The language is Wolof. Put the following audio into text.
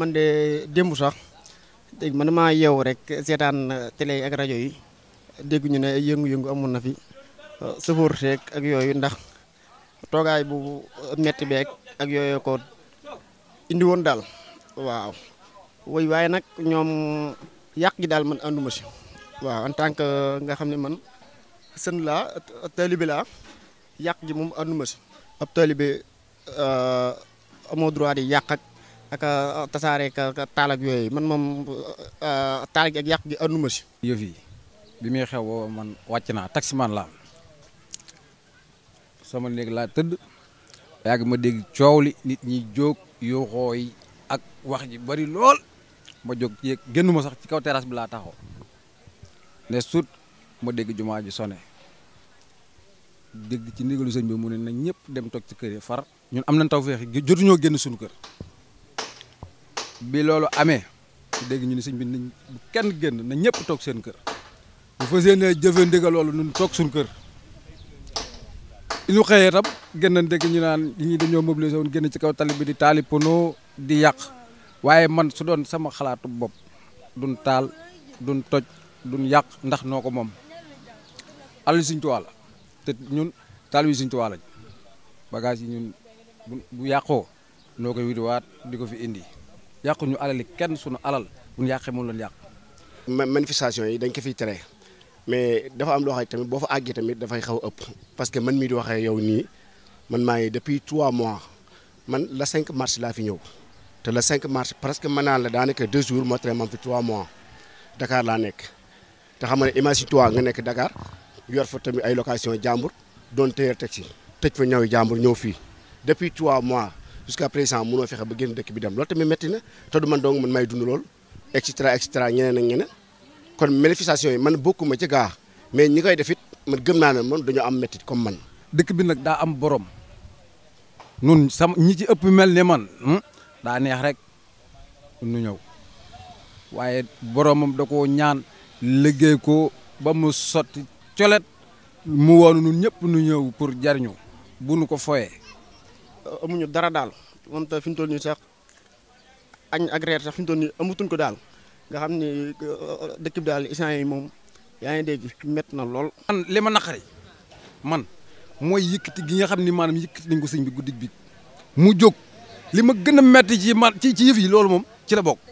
man de démb sax dégg man maa yeewu rek seetaan uh, télé yi ak rajo yi dégguñu ñu ne yëngu-yëngu amoon na fi uh, sëfoor seek ak yooyu ndax toogaay bu uh, metti beeg ak yooyu ko indi woon daal waaw woy waaye nag ñoom yàq gi daal man ànduma si waaw en tant que nga xam ne man sën laa taalibe laa yàq ji moom ànduma si ab taalibe amoo droit di yàqak ak euh, tasaare taal ak yooyu man moom euh, taal gi ak yàq gi ànduma si. yëf yi bi muy xew booba man wàcc naa man laa sama néeg laa tëdd yàgg ma dégg coow li nit ñi jóg yuuxoo ak wax ji bari lool ma jóg yéeg génnuma sax ci kaw terrasse bi laa taxaw ne sut ma dégg jumaa ji sone dégg ci ndigalu sëñ bi mu ne na ñëpp dem toog ci kër yi far ñun am nañ tawfeex jotuñoo génn suñu kër bi loolu amee dégg ñu ni sëñ bi nañ kenn génn na ñëpp toog seen kër bu fas yéenee jëfe ndigal loolu nun toog suñ kër ñu xëyee tam génn dégg ñu naan ñi dañoo mobilisé woon génn ci kaw tali bi di taali pono di yàq waaye man su doon sama xalaatu bopp duñ taal duñ toj duñ yàq ndax noo ko moom alal Sëñ Tuubaa te ñun taal wi Sëñ Tuubaa lañ bagage yi ñun bu yàqoo noo koy wutiwaat di ko fi indi yàqu ñu alali kenn suñu alal bu ñu yàqee moom la ñu yàq. manifestation yi dañ ko fi tere mais dafa am loo xam tamit boo fa àggee tamit dafay xaw a ëpp parce que man mii di waxee yow nii man maa ngi depuis trois mois man la 5 mars laa fi ñëw te la 5 mars presque mën naa la daanaka deux jours moo tere man fi trois mois dakaar laa nekk te xam ne image toi nga nekk Dakar yor fa tamit ay location jàmbur doon téye taxi tëj fa ñaw jàmbur ñëw fii depuis trois mois. jusqu'à présent mënoo fexe ba génn dëkk bi dem loolu tamit métti na te du man dong man may dund lool et cetera et cetera ñeneen ak ñeneen kon manifestation yi man bokkuma ci gaa mais ñi koy def it man gëm naa ne man dañoo am métti comme man. dëkk bi nag daa am borom nun ñi ci ëpp mel ne man hmm, daa neex rek nu ñëw waaye boromam da ko ñaan liggéey ko ba mu sotti colet mu woonu nun ñëpp nu ñëw pour jariñu bu nu ko fooyee amuñu dara daal moom te fi mu toll nii sax añ ak reer sax fi nii amatuñ ko daal nga xam ni euh, dëkk bi daal instant yi moom yaa ngi dégg mett na lool. li ma naqari man mooy yëkkati gi nga xam ni maanaam yëkkati nañ ko sëñ bi guddi bi mu jóg li ma gën a métti ci ma ci ci yëf yi loolu moom ci la bokk.